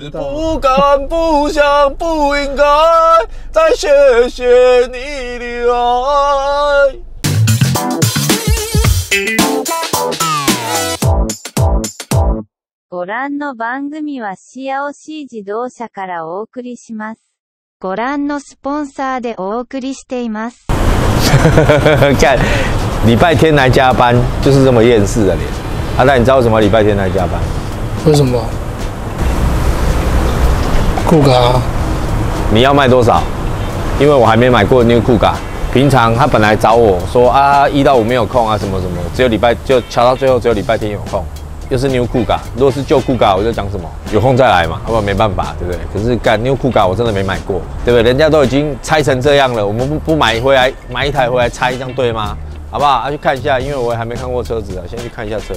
不不不敢、想、应该ご覧の番組はシアオシー自動車からお送りします。ご覧のスポンサーでお送りしています。哈哈哈哈哈！干，礼拜天来加班就是这么厌世的脸。阿泰，你知道为什么礼拜天来加班？为什么？酷咖，你要卖多少？因为我还没买过 New 酷卡，平常他本来找我说啊，一到五没有空啊，什么什么，只有礼拜就敲到最后只有礼拜天有空，又是 New 酷卡，如果是旧酷卡，我就讲什么有空再来嘛，好不好？没办法，对不对？可是干 New 酷卡我真的没买过，对不对？人家都已经拆成这样了，我们不不买回来买一台回来拆，这样对吗？好不好？啊，去看一下，因为我还没看过车子啊，先去看一下车。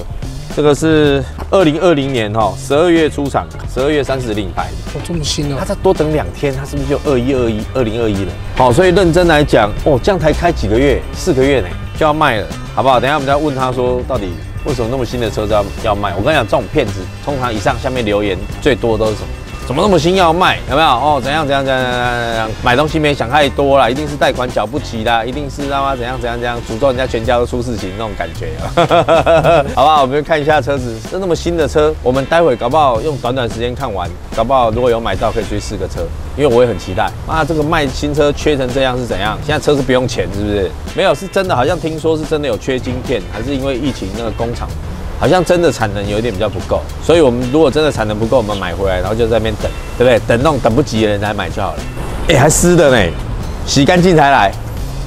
这个是二零二零年哈，十二月出厂，十二月三十领牌，哇，这么新呢？他再多等两天，他是不是就二一二一二零二一了？好，所以认真来讲，哦，这样才开几个月，四个月呢，就要卖了，好不好？等下我们再问他说，到底为什么那么新的车子要要卖？我跟你讲，这种骗子，通常以上下面留言最多都是什么？怎么那么新要卖？有没有哦？怎样怎样怎样怎样怎样？买东西没想太多啦，一定是贷款缴不起啦，一定是他妈怎样怎样怎样，诅咒人家全家都出事情那种感觉。好吧，我们看一下车子，是那么新的车，我们待会搞不好用短短时间看完，搞不好如果有买到可以追四个车，因为我也很期待。啊，这个卖新车缺成这样是怎样？现在车是不用钱是不是？没有是真的，好像听说是真的有缺晶片，还是因为疫情那个工厂？好像真的产能有一点比较不够，所以我们如果真的产能不够，我们买回来然后就在那边等，对不对？等那种等不及的人来买就好了。哎，还湿的呢，洗干净才来。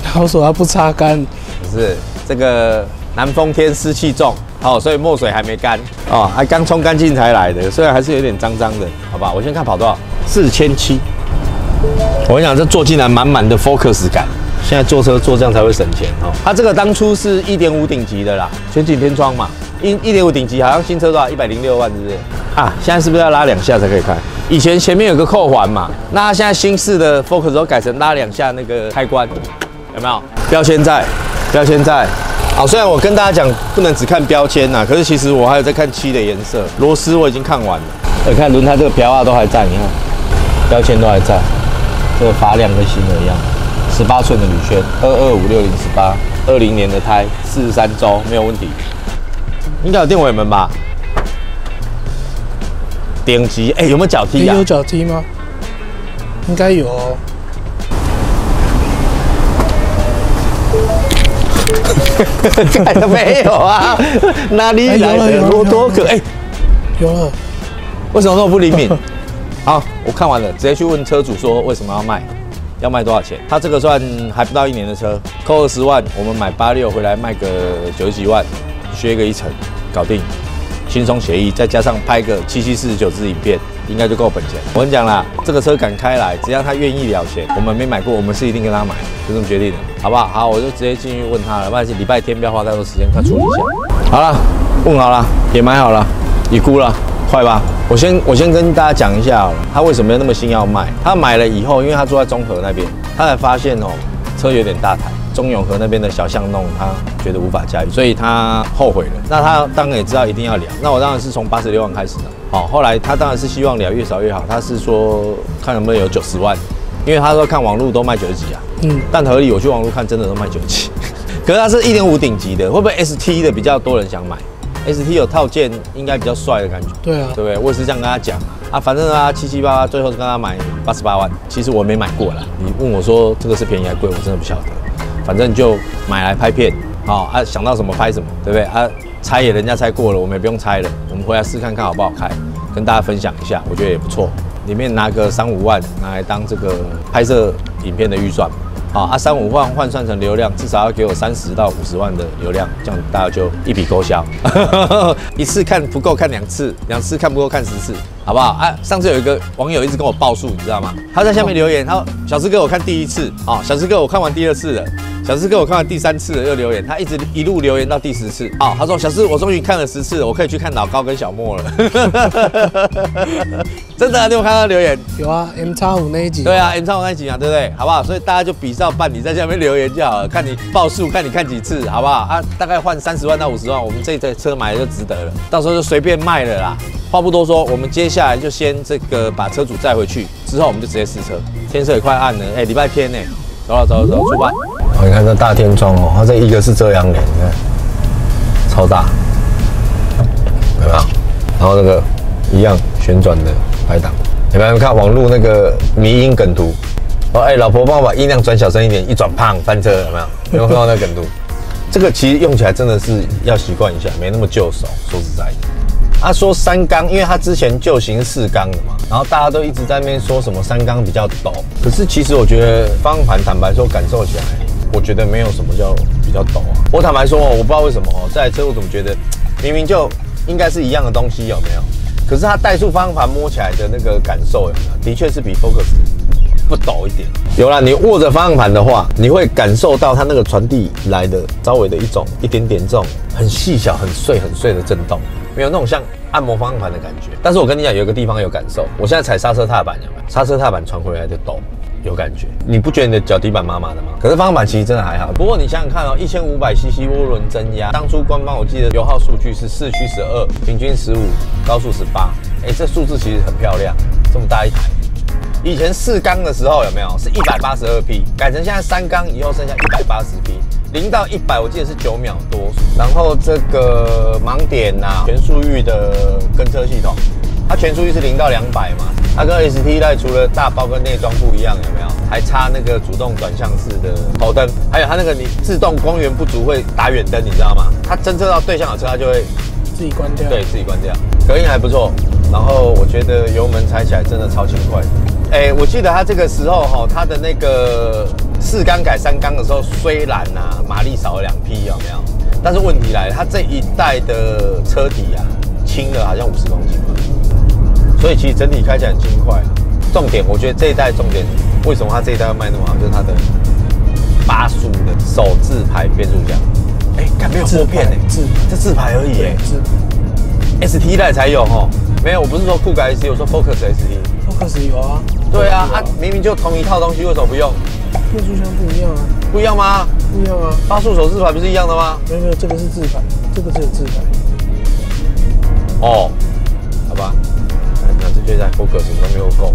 他说他不擦干。不是，这个南风天湿气重，哦，所以墨水还没干哦，还刚冲干净才来的，虽然还是有点脏脏的，好吧？我先看跑多少，四千七。我跟你讲，这坐进来满满的 focus 感。现在坐车坐这样才会省钱哦。它这个当初是一点五顶级的啦，全景天窗嘛。一一点五顶级好像新车多少一百零六万是不是？啊，现在是不是要拉两下才可以开？以前前面有个扣环嘛，那现在新式的 Focus 都改成拉两下那个开关，有没有？标签在，标签在。好，虽然我跟大家讲不能只看标签呐，可是其实我还有在看漆的颜色，螺丝我已经看完了。你看轮胎这个标啊都还在，你看标签都还在，这个发量跟新的一样。十八寸的铝圈，二二五六零十八，二零年的胎，四十三周没有问题。应该有电尾门吧？顶级哎，有没有脚踢呀？有脚踢吗？应该有。哦。哈哈没有啊，哪里来路多可哎，有了。为什么那么不灵敏？好，我看完了，直接去问车主说为什么要卖，要卖多少钱？他这个算还不到一年的车，扣二十万，我们买八六回来卖个九十几万。削个一层，搞定，轻松协议，再加上拍个七七四十九支影片，应该就够本钱。我跟你讲啦，这个车敢开来，只要他愿意了钱，我们没买过，我们是一定跟他买，就这么决定的，好不好？好，我就直接进去问他了。拜一是礼拜天，不要花太多时间，快处理一下。好了，问好了，也买好了，已估了，快吧。我先我先跟大家讲一下，他为什么要那么心要卖？他买了以后，因为他住在中和那边，他才发现哦，车有点大台。中永和那边的小巷弄，他觉得无法驾驭，所以他后悔了。那他当然也知道一定要聊。那我当然是从八十六万开始的。好，后来他当然是希望聊越少越好。他是说看能不能有九十万，因为他说看网路都卖九几啊。嗯。但合理我去网路看，真的都卖九几，可是他是一点五顶级的，会不会 ST 的比较多人想买？ST 有套件，应该比较帅的感觉。对啊。对不对？我也是这样跟他讲啊。反正啊七七八八，最后跟他买八十八万。其实我没买过了。你问我说这个是便宜还贵，我真的不晓得。反正就买来拍片，好啊，想到什么拍什么，对不对？啊，猜也人家猜过了，我们也不用猜了。我们回来试看看好不好开，跟大家分享一下，我觉得也不错。里面拿个三五万拿来当这个拍摄影片的预算，好啊，三五万换算成流量，至少要给我三十到五十万的流量，这样大家就一笔勾销。一次看不够看两次，两次看不够看十次。好不好啊？上次有一个网友一直跟我报数，你知道吗？他在下面留言，他说：“小四哥，我看第一次啊，小四哥，我看完第二次了，小四哥，我看完第三次了，又留言，他一直一路留言到第十次啊。”他说：“小四，我终于看了十次，了，我可以去看老高跟小莫了。”真的？你有看到留言？有啊，M 叉五那一集。对啊，M 叉五那一集啊，对不对？好不好？所以大家就比照办，你在下面留言就好了，看你报数，看你看几次，好不好啊？大概换三十万到五十万，我们这台车买就值得了，到时候就随便卖了啦。话不多说，我们接下来就先这个把车主载回去，之后我们就直接试车。天色也快暗了，哎，礼拜天呢？走走走走，出发。哦，你看这大天窗哦，它这一个是遮阳帘，看，超大，有没有？然后那个一样旋转的排有你们看网路那个迷音梗图。哦，哎，老婆帮我把音量转小声一点，一转胖翻车有没有？有没有看到那個梗图？这个其实用起来真的是要习惯一下，没那么旧手，说实在。他说三缸，因为他之前就行四缸的嘛，然后大家都一直在那说什么三缸比较抖，可是其实我觉得方向盘坦白说感受起来，我觉得没有什么叫比较抖啊。我坦白说，哦，我不知道为什么哦，这台车我怎么觉得明明就应该是一样的东西有没有？可是它怠速方向盘摸起来的那个感受有没有？的确是比 Focus 不抖一点。有了，你握着方向盘的话，你会感受到它那个传递来的稍微的一种一点点这种很细小、很碎、很碎的震动。没有那种像按摩方向盘的感觉，但是我跟你讲，有一个地方有感受，我现在踩刹车踏板有没有？刹车踏板传回来的抖，有感觉。你不觉得你的脚底板麻麻的吗？可是方向盘其实真的还好。不过你想想看哦，一千五百 CC 涡轮增压，当初官方我记得油耗数据是四驱十二，平均十五，高速十八。哎，这数字其实很漂亮，这么大一台。以前四缸的时候有没有？是一百八十二匹，改成现在三缸以后剩下一百八十匹。零到一百，我记得是九秒多。然后这个盲点呐，全速域的跟车系统，它全速域是零到两百嘛。它跟 S T 代除了大包跟内装不一样，有没有？还差那个主动转向式的头灯，还有它那个你自动光源不足会打远灯，你知道吗？它侦测到对向的车，它就会自己关掉。对，自己关掉。隔音还不错，然后我觉得油门踩起来真的超轻快。哎，我记得它这个时候哈，它的那个。四缸改三缸的时候，虽然呐马力少了两匹，有没有？但是问题来了，它这一代的车底啊轻了，好像五十公斤吧。所以其实整体开起来很轻快。重点，我觉得这一代重点，为什么它这一代要卖那么好？就是它的八速的手自排变速箱。哎，看没有拨片呢，只这自排而已哎，是 S T 代才有哦。没有，我不是说酷改 S T，我说 Focus S T。Focus 有啊。对啊啊，明明就同一套东西，为什么不用？变速箱不一样啊？不一样吗？不一样啊！八速手自排不是一样的吗？没有没有，这个是自排，这个是自排。哦，好吧，那这车在 Focus 都没有够，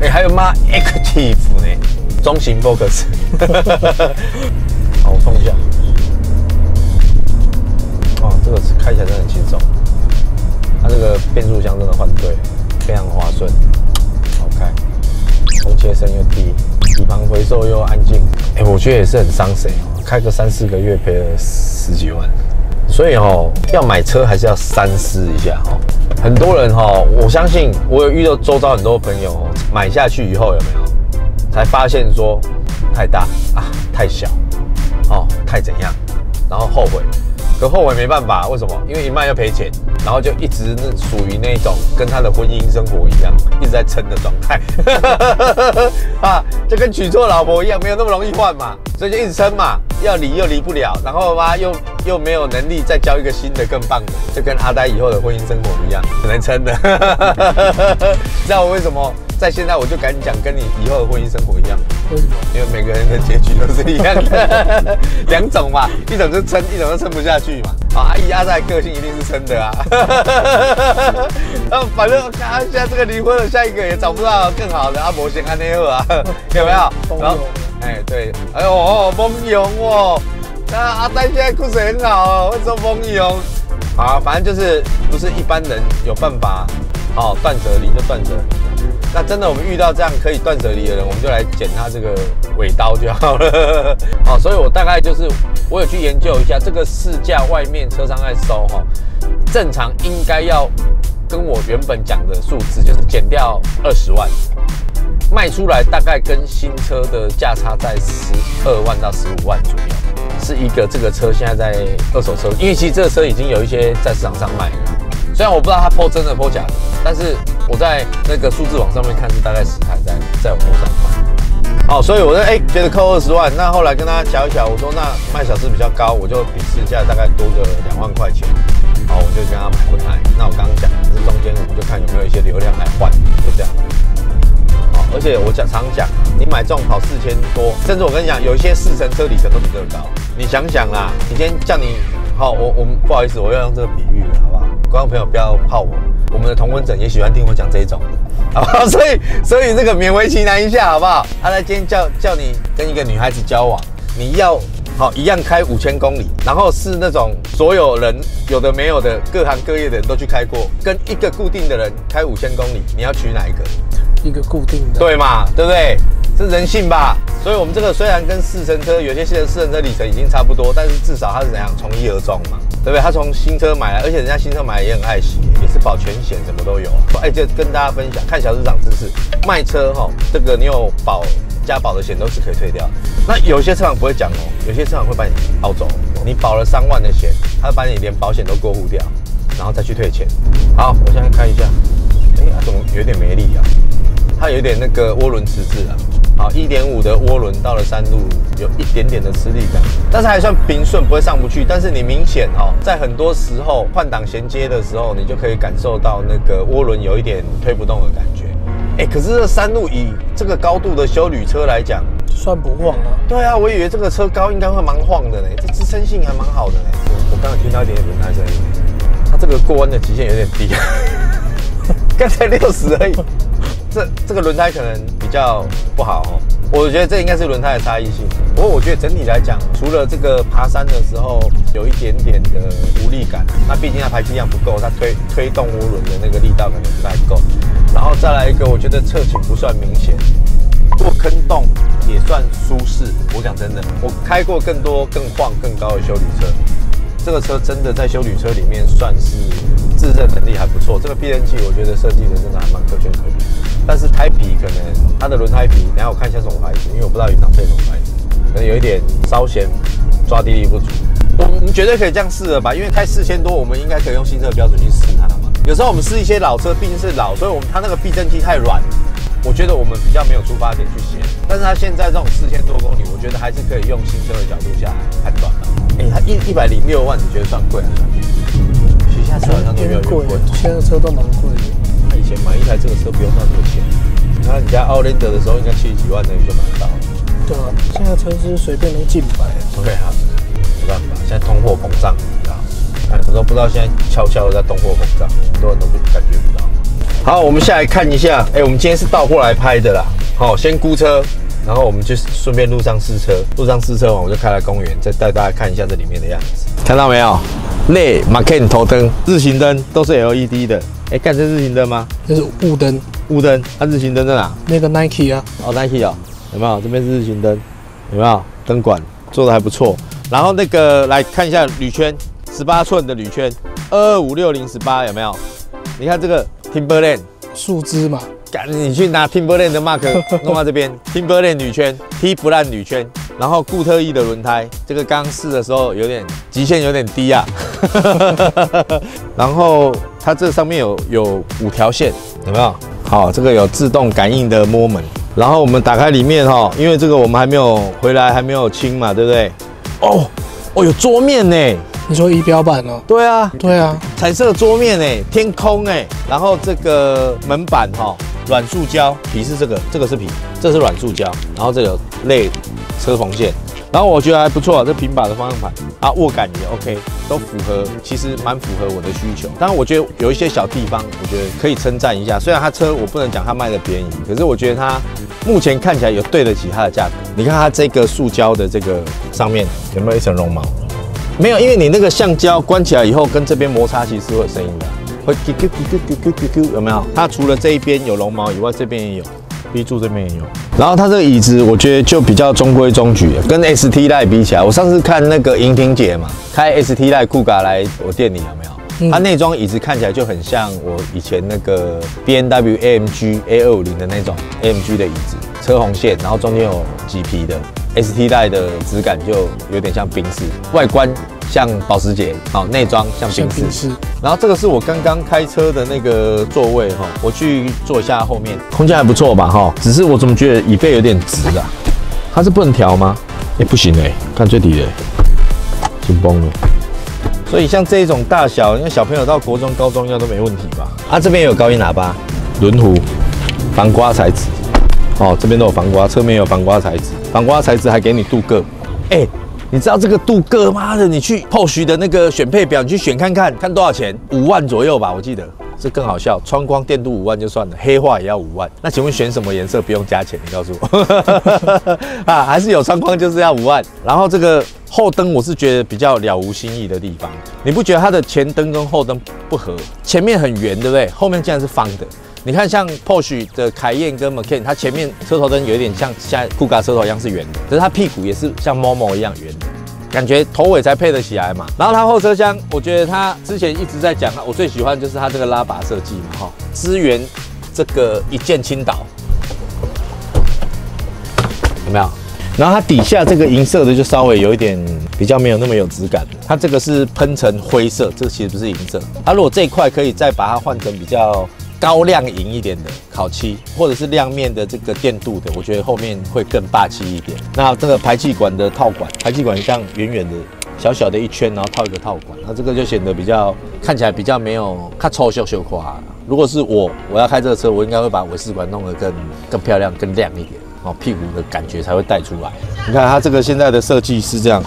哎，还有吗 Active 呢？中型 Focus。好，我放下。哦，这个开起来真的很轻松，它这个变速箱真的换对，非常滑顺。好 k 从切声又低。底盘回收又安静，哎，我觉得也是很伤神哦。开个三四个月赔了十几万，所以哦，要买车还是要三思一下哦。很多人哈，我相信我有遇到周遭很多朋友，买下去以后有没有才发现说太大啊，太小哦，太怎样，然后后悔。可后悔没办法，为什么？因为一卖要赔钱，然后就一直那属于那种跟他的婚姻生活一样，一直在撑的状态 啊，就跟娶错老婆一样，没有那么容易换嘛，所以就一直撑嘛，要离又离不了，然后吧又又没有能力再交一个新的更棒的，就跟阿呆以后的婚姻生活一样，只能撑的，知道我为什么？在现在，我就敢讲，跟你以后的婚姻生活一样。为什么？因为每个人的结局都是一样的，两种嘛，一种是撑，一种是撑不下去嘛。啊，阿姨阿仔个性一定是撑的啊。啊，反正啊，现在这个离婚了，下一个也找不到更好的。阿伯先安那个 有没有？然后，哎，对，哎哟，蒙勇哦。那阿呆现在故事很好，哦，会说蒙勇。好，反正就是不是一般人有办法哦，断则零就断则。那真的，我们遇到这样可以断舍离的人，我们就来剪他这个尾刀就好了。好，所以我大概就是我有去研究一下这个试驾外面车商在收哈，正常应该要跟我原本讲的数字，就是减掉二十万，卖出来大概跟新车的价差在十二万到十五万左右，是一个这个车现在在二手车，预期这个车已经有一些在市场上卖了，虽然我不知道它破真的破假，的，但是。我在那个数字网上面看是大概十台在在网络上卖，好，所以我说，哎觉得扣二十万，那后来跟他讲一瞧，我说那卖小时比较高，我就比市价大概多个两万块钱，好，我就跟他买回来。那我刚刚讲是中间我们就看有没有一些流量来换就这样，好，而且我讲常讲，你买这种跑四千多，甚至我跟你讲，有一些四成车里程都比这个高，你想想啦，你先叫你，好，我我们不好意思，我要用这个比喻了，好不好？观众朋友不要怕我。我们的同温者也喜欢听我讲这一种，好，所以所以这个勉为其难一下，好不好？阿在今天叫叫你跟一个女孩子交往，你要好一样开五千公里，然后是那种所有人有的没有的各行各业的人都去开过，跟一个固定的人开五千公里，你要娶哪一个？一个固定的对嘛，对不对？是人性吧？所以我们这个虽然跟四乘车有些些四乘车里程已经差不多，但是至少它是怎样从一而终嘛，对不对？它从新车买来，而且人家新车买来也很爱惜，也是保全险，什么都有。哎，就跟大家分享，看小市长知识，卖车哈，这个你有保加保的险都是可以退掉。那有些车厂不会讲哦，有些车厂会把你抱走，你保了三万的险，他把你连保险都过户掉，然后再去退钱。好，我现在看一下，哎，怎么有点没力啊？它有点那个涡轮迟滞啊，好，一点五的涡轮到了山路有一点点的吃力感，但是还算平顺，不会上不去。但是你明显哦，在很多时候换挡衔接的时候，你就可以感受到那个涡轮有一点推不动的感觉。哎，可是这山路以这个高度的修旅车来讲，算不晃啊？对啊，我以为这个车高应该会蛮晃的呢，这支撑性还蛮好的呢。我刚刚听到一点轮胎声音，它这个过弯的极限有点低 刚才六十而已。这这个轮胎可能比较不好哦，我觉得这应该是轮胎的差异性。不过我觉得整体来讲，除了这个爬山的时候有一点点的无力感，那毕竟它排气量不够，它推推动涡轮的那个力道可能不太够。然后再来一个，我觉得侧倾不算明显，过坑洞也算舒适。我讲真的，我开过更多更晃更高的修理车。这个车真的在修旅车里面算是自认能力还不错。这个避震器我觉得设计的真的还蛮可圈可点。但是胎皮可能它的轮胎皮，等下我看一下什么牌子，因为我不知道云厂配什么牌子，可能有一点稍嫌抓地力不足。我们绝对可以这样试了吧？因为开四千多，我们应该可以用新车的标准去试它嘛。有时候我们试一些老车，毕竟是老，所以我们它那个避震器太软。我觉得我们比较没有出发点去写。但是它现在这种四千多公里，我觉得还是可以用新车的角度下来判断了。哎，它一一百零六万，你觉得算贵啊？其实现在车好像都没有那么贵，现在车都蛮贵的。他以前买一台这个车不用赚多少钱，你看你家奥兰德的时候应该七十几万的于就买得到。对啊，现在车是随便能进百。OK，好，没办法，现在通货膨胀，你知道吗？哎，都不知道现在悄悄的在通货膨胀，很多人都不感觉不到。好，我们下来看一下，哎，我们今天是倒过来拍的啦。好，先估车。然后我们就顺便路上试车，路上试车完我就开来公园，再带大家看一下这里面的样子，看到没有？内马 c e n 头灯、日行灯都是 LED 的。哎，这是日行灯吗？这是雾灯，雾灯。啊、日行灯在哪？那个 Nike 啊。哦，Nike 啊，有没有？这边是日行灯，有没有？灯管做的还不错。然后那个来看一下铝圈，十八寸的铝圈，二二五六零十八有没有？你看这个 Timberland 树枝嘛，赶紧去拿 Timberland 的 mark 弄到这边，Timberland 女圈 t 不烂 b 女圈，然后固特异的轮胎，这个刚试的时候有点极限有点低啊。然后它这上面有有五条线，有没有？好，这个有自动感应的摸门，然后我们打开里面哈，因为这个我们还没有回来，还没有清嘛，对不对？哦，哦，有桌面呢？你说仪表板呢？对啊，对啊，彩色桌面哎，天空哎，然后这个门板哈。软塑胶皮是这个，这个是皮，这是软塑胶，然后这个类车缝线，然后我觉得还不错，这平把的方向盘，啊握感也 OK，都符合，其实蛮符合我的需求。当然，我觉得有一些小地方，我觉得可以称赞一下。虽然它车我不能讲它卖的便宜，可是我觉得它目前看起来有对得起它的价格。你看它这个塑胶的这个上面有没有一层绒毛？没有，因为你那个橡胶关起来以后，跟这边摩擦其实会有声音的。Q Q Q Q Q Q Q 有没有？它除了这一边有绒毛以外，这边也有，B 柱这边也有。然后它这个椅子，我觉得就比较中规中矩，跟 STI 比起来，我上次看那个银婷姐嘛，开 STI 酷咖来我店里有没有？它那张椅子看起来就很像我以前那个 BNWAMG A 二五零的那种 AMG 的椅子，车红线，然后中间有麂皮的。S T 带的质感就有点像冰丝，外观像保时捷，好，内装像冰丝。然后这个是我刚刚开车的那个座位哈，我去坐一下后面，空间还不错吧哈，只是我怎么觉得椅背有点直啊？它是不能调吗？哎，不行哎，看最底的，紧绷了。所以像这种大小，因为小朋友到国中、高中应该都没问题吧？啊，这边有高音喇叭，轮毂防刮材质。哦，这边都有防刮，侧面有防刮材质，防刮材质还给你镀铬。哎，你知道这个镀铬妈的，你去后续的那个选配表，你去选看看，看多少钱？五万左右吧，我记得。这更好笑，窗框电镀五万就算了，黑化也要五万。那请问选什么颜色不用加钱？你告诉我。啊，还是有窗框就是要五万。然后这个后灯，我是觉得比较了无新意的地方。你不觉得它的前灯跟后灯不合？前面很圆，对不对？后面竟然是方的。你看，像 Porsche 的凯宴跟 Macan，它前面车头灯有一点像现在 b u 车头一样是圆的，可是它屁股也是像 Momo 一样圆的，感觉头尾才配得起来嘛。然后它后车厢，我觉得它之前一直在讲啊，我最喜欢就是它这个拉把设计嘛，哈，支援这个一键倾倒，有没有？然后它底下这个银色的就稍微有一点比较没有那么有质感，它这个是喷成灰色，这其实不是银色。它如果这一块可以再把它换成比较。高亮银一点的烤漆，或者是亮面的这个电镀的，我觉得后面会更霸气一点。那这个排气管的套管，排气管一样，远圆的，小小的一圈，然后套一个套管，那这个就显得比较，看起来比较没有，它臭秀秀垮。如果是我，我要开这个车，我应该会把尾气管弄得更更漂亮，更亮一点，哦，屁股的感觉才会带出来。你看它这个现在的设计是这样，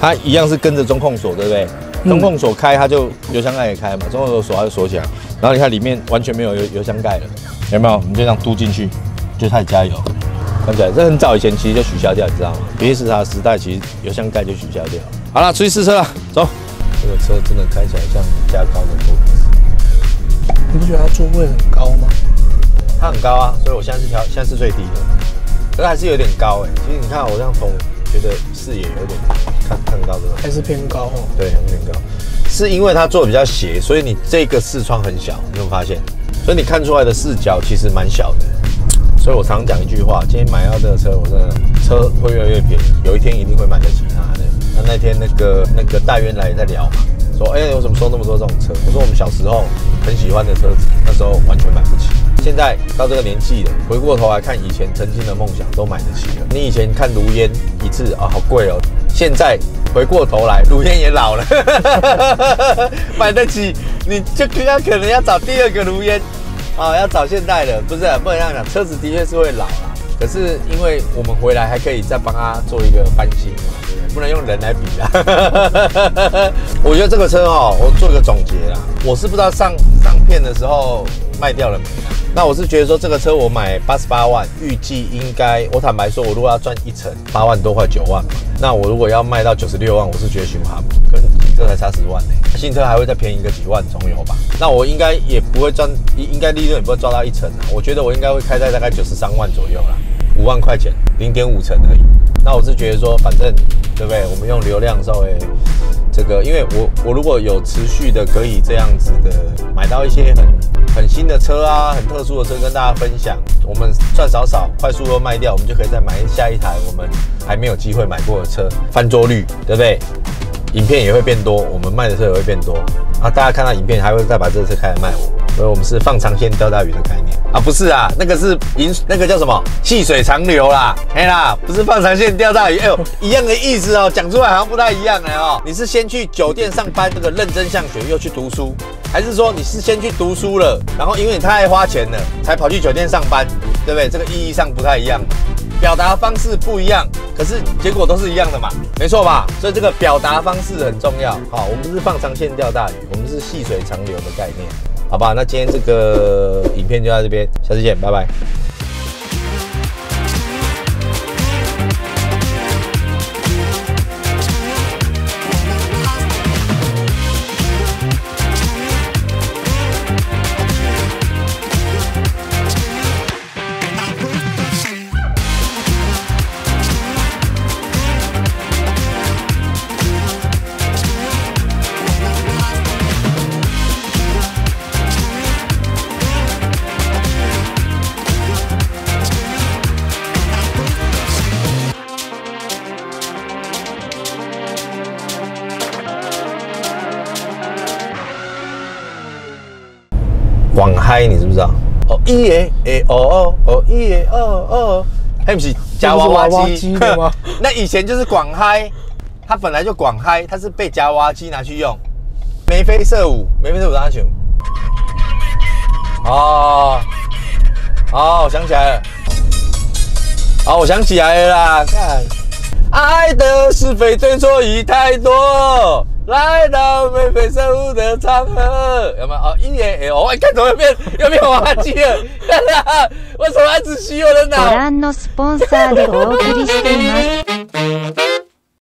它一样是跟着中控锁，对不对？中控锁开，它就油箱盖也开嘛，中控锁锁，它就锁起来。然后你看里面完全没有油油箱盖了，有没有？我们就这样嘟进去，就始加油，看起来这很早以前其实就取消掉，你知道吗？比其时它的时代，其实油箱盖就取消掉。好了，出去试车了，走。这个车真的开起来像加高的丰你不觉得它座位很高吗？它很高啊，所以我现在是调现在是最低的，可是还是有点高哎。其实你看我这样风。觉得视野有点看看得到个，还是偏高哦。对，有点高，是因为它的比较斜，所以你这个视窗很小，你有发现？所以你看出来的视角其实蛮小的。所以我常讲一句话：今天买到这个车，我真的车会越来越便宜，有一天一定会买得起它的。那那天那个那个大渊来也在聊嘛。说，哎，为什么收那么多这种车？我说我们小时候很喜欢的车子，那时候完全买不起。现在到这个年纪了，回过头来看以前曾经的梦想都买得起了。你以前看卢烟一次啊，好贵哦。现在回过头来，卢烟也老了，买得起，你就更加可能要找第二个卢烟啊，要找现代的，不是不能这样讲。车子的确是会老。可是因为我们回来还可以再帮他做一个翻新嘛，不能用人来比啦。我觉得这个车哦，我做一个总结啦。我是不知道上上片的时候卖掉了没啊？那我是觉得说这个车我买八十八万，预计应该，我坦白说，我如果要赚一层八万多块九万嘛，那我如果要卖到九十六万，我是觉得循环嘛，跟这才差十万呢，新车还会再便宜个几万重油吧？那我应该也不会赚，应该利润也不会抓到一层啊。我觉得我应该会开在大概九十三万左右啦。五万块钱，零点五成而已。那我是觉得说，反正对不对？我们用流量稍微这个，因为我我如果有持续的可以这样子的买到一些很很新的车啊，很特殊的车跟大家分享，我们赚少少，快速的卖掉，我们就可以再买下一台我们还没有机会买过的车，翻桌率对不对？影片也会变多，我们卖的车也会变多啊！大家看到影片，还会再把这车开来卖我，所以我们是放长线钓大鱼的概念啊！不是啊，那个是银，那个叫什么？细水长流啦，嘿啦，不是放长线钓大鱼，哎呦，一样的意思哦，讲出来好像不太一样哎哦！你是先去酒店上班，这个认真向学又去读书，还是说你是先去读书了，然后因为你太爱花钱了，才跑去酒店上班，对不对？这个意义上不太一样。表达方式不一样，可是结果都是一样的嘛，没错吧？所以这个表达方式很重要。好，我们是放长线钓大鱼，我们是细水长流的概念，好吧？那今天这个影片就到这边，下次见，拜拜。哦，一诶诶，哦哦，一诶哦哦，还不是夹娃娃机的吗？那以前就是广嗨，它本来就广嗨，它是被夹娃娃机拿去用，眉飞色舞，眉飞色舞，张学哦，哦，哦，我想起来了，好，我想起来了，看，爱的是非对错已太多。来到美非生物的场合，有吗？哦，E A L，你看怎么变又变滑稽了？为什么只喜欢热闹？